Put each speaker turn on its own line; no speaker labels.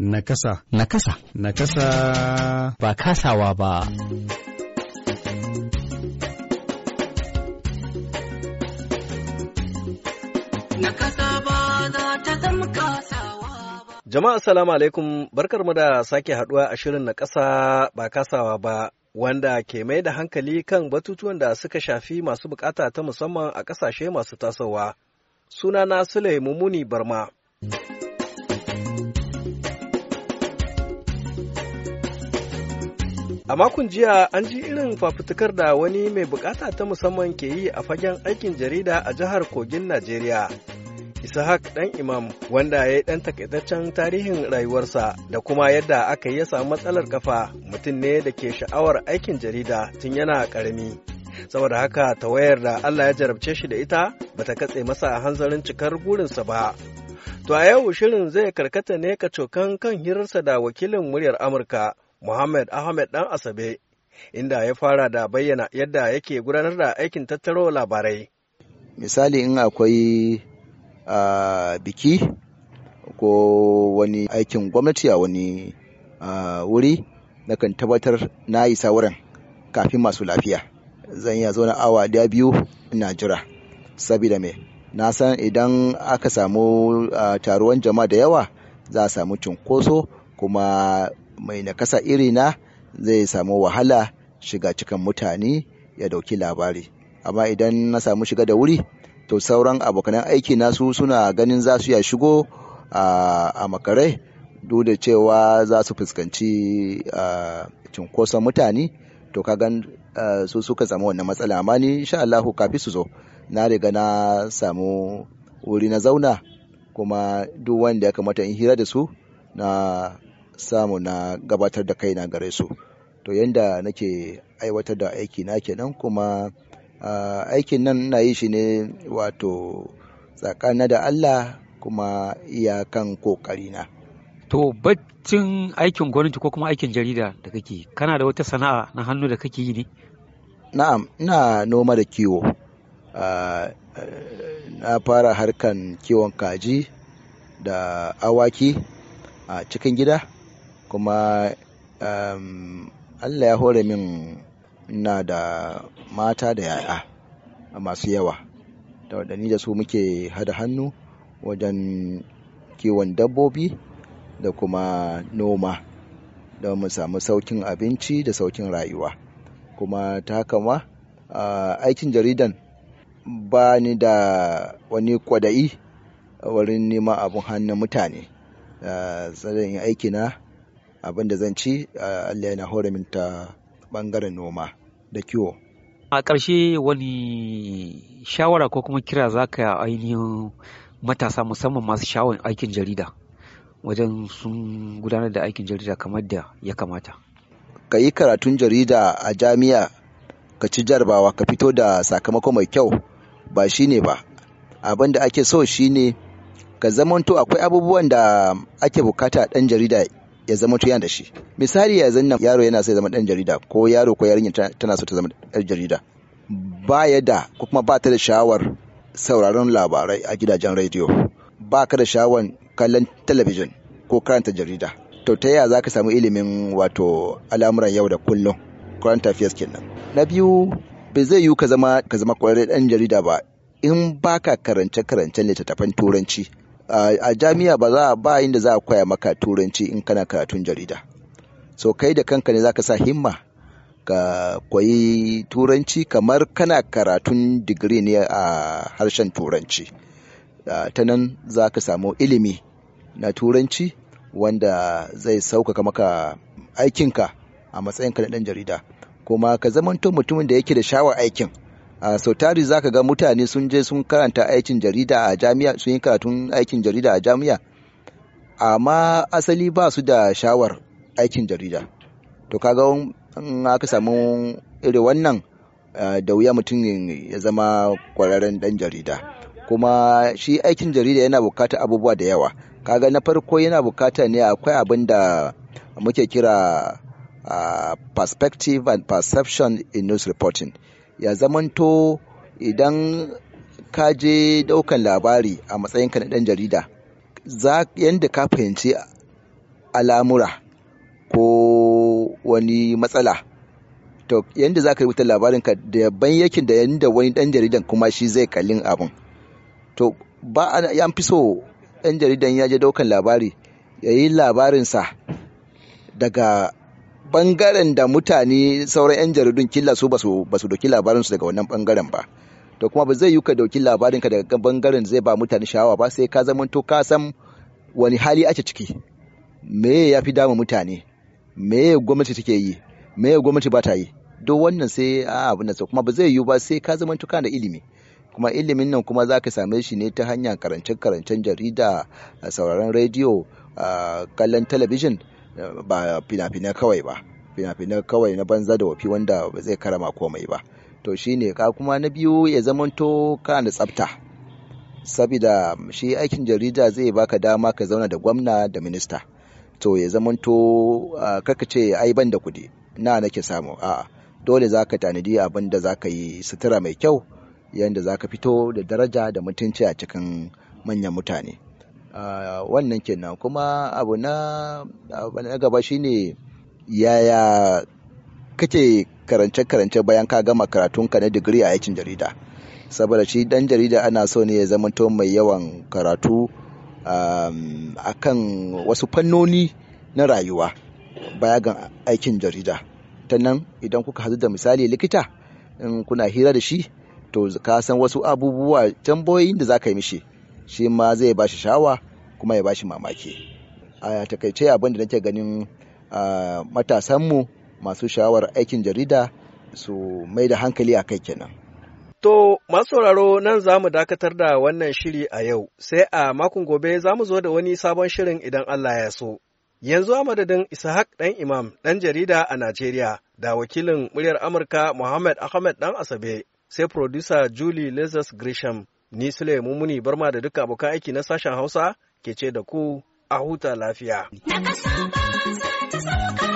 Nakasa. Nakasa. Nakasa. Ba kasawa ba. kasa ba za ta zama kasawa ba. Jama'a salamu alaikum barkarmu da sake haɗuwa a shirin na ƙasa ba kasawa ba. Wanda ke mai da hankali kan batutuwan da suka shafi masu bukata ta musamman a ƙasashe masu tasowa. Sunana Sule Mumuni Barma. A makon jiya an ji irin fafutukar da wani mai bukata ta musamman ke yi a fagen aikin jarida a jihar Kogin Najeriya. Isahak ɗan Imam wanda ya yi ɗan takaitaccen tarihin rayuwarsa da kuma yadda aka yi ya samu matsalar kafa mutum ne da ke sha'awar aikin jarida tun yana ƙarami. Saboda haka ta wayar da Allah ya jarabce shi da ita bata katse masa hanzarin cikar burinsa ba. To a yau shirin zai karkata ne kacokan kan hirarsa da wakilin muryar Amurka Muhammad Ahmed Dan Asabe, inda ya fara da bayyana yadda yake gudanar da aikin tattaro labarai.
Misali in akwai biki ko wani aikin gwamnati a wani wuri, wuri, nakan tabbatar na isa wurin kafin masu lafiya. Zan iya zauna awa da biyu ina jira, sabida me na san idan aka samu taruwan jama'a da yawa za a samu cunkoso kuma mai nakasa na zai samu wahala shiga cikin mutane ya dauki labari amma idan na samu shiga da wuri to sauran abokanan aiki na su suna ganin za su ya shigo a makare duk da cewa za su fuskanci cinkoson mutane to kagan su suka samu wannan matsala amma ni insha kafin su zo na riga na samu wuri na zauna kuma duk wanda ya kamata in hira da su na samu na gabatar da kaina gare su to yanda nake aiwatar da aiki na kenan kuma aikin nan ina yi shi ne wato tsakana da Allah kuma iyakan kokarina to
baccin aikin gwamnati ko kuma aikin jarida da kake kana da wata sana'a na hannu da kake yi
ne na'am ina noma da kiwo na fara harkan kiwon kaji da awaki a cikin gida kuma um, allah ya hore min ina da mata da yaya a masu yawa da waɗanni da su muke hada hannu wajen kiwon dabbobi da kuma noma don mu samu saukin abinci da saukin rayuwa kuma ta kama uh, aikin jaridan ba ni da wani kwada'i wurin neman abin hannun mutane uh, aikina abin da zan ci Allah yana hore min ta bangaren noma da kiwo
a ƙarshe wani shawara ko kuma kira za ka ainihin matasa musamman masu shawon aikin jarida wajen sun gudanar da aikin jarida kamar da ya kamata
ka yi karatun jarida a jami'a ka ci jarabawa ka fito da sakamako mai kyau ba shi ne ba abin da ake so shi ne ka zamanto akwai abubuwan da ake bukata ɗan jarida ya zama tuyan da shi misali ya zanna yaro yana sai zama dan jarida ko yaro ko yarinya tana so ta zama dan jarida ba ya da ko kuma ba ta da shawar sauraron labarai a gidajen rediyo ba ka da shawar kallon talabijin ko karanta jarida to ta yaya za ka samu ilimin wato al'amuran yau da kullum current affairs kenan na biyu bai zai yiwu ka zama ka zama kwararren dan jarida ba in baka karance karancen littattafan turanci a jami'a ba za ba inda za a koya maka turanci in kana karatun jarida so kai da kanka ne za ka sa himma ka koyi turanci kamar kana karatun digiri ne a harshen turanci ta nan za ka samu ilimi na turanci wanda zai sauƙaƙa maka aikinka a matsayinka na ɗan jarida kuma ka zamanto mutumin da yake da shawar aikin a sau tari za ka ga mutane sun je sun karanta aikin jarida a jami'a sun yi karatun aikin jarida a jami'a amma asali ba su da shawar aikin jarida to kaga in aka samu irin wannan da wuya mutum ya zama kwararren dan jarida kuma shi aikin jarida yana bukata abubuwa da yawa kaga na farko yana bukata ne akwai abin da muke kira uh, perspective and perception in news reporting ya zamanto idan ka je daukan labari a matsayinka na ɗan jarida za yadda ka fahimci al'amura ko wani matsala to yadda za ka rubuta labarinka da yabban yakin da yadda wani ɗan jaridan kuma shi zai kallin abin to ba an fi so ɗan jaridan ya je daukan labari ya yi labarinsa daga bangaren da mutane sauran 'yan jaridun killa su ba su doki labarinsu daga wannan bangaren ba to kuma ba zai yi ka labarin labarinka daga bangaren zai ba mutane sha'awa ba sai ka zama to ka san wani hali ake ciki me ya fi dama mutane me gwamnati take yi me gwamnati ba ta yi duk wannan sai a abin nan kuma ba zai yi ba sai ka zama to da ilimi kuma ilimin nan kuma za ka same shi ne ta hanyar karance-karancen jarida sauraron rediyo kallon talabijin ba fina-finai kawai ba fina-finai kawai na banza da wafi wanda ba zai karama komai ba to ne ka kuma na biyu ya zamanto ka da tsafta saboda shi aikin jarida zai baka dama ka zauna da gwamna da minista to ya zamanto kaka ce ai ban da kuɗi na nake samu a'a dole za ka tanadi abin da za ka yi sutura mai kyau yadda za ka fito da daraja da mutunci a cikin manyan mutane wannan kenan kuma abu na gaba shine yaya kake karance-karance bayan ka gama karatun ka na digiri a aikin jarida saboda shi dan jarida ana so ne ya zamanto mai yawan karatu um, a kan wasu fannoni na rayuwa baya ga aikin jarida ta nan idan kuka hadu da misali likita in kuna hira da shi to ka san wasu abubuwa tambayoyin da za ka yi mishi shi ma zai ba shi shawa kuma ya ba shi mamaki a takaice abin da nake ganin matasanmu masu shawar aikin jarida su mai da hankali a kai kenan
To, masu sauraro nan za mu dakatar da wannan shiri a yau, sai a makon gobe za mu zo da wani sabon shirin idan Allah ya so. Yanzu a madadin Ishaq dan Imam dan jarida a Najeriya da wakilin muryar Amurka Muhammad Ahmed dan Asabe, sai producer Julie Lazarus Grisham Ni Sule muni Barma da duka abokan aiki na sashen Hausa ke ce da ku a huta lafiya. Daga sama za ta sauka.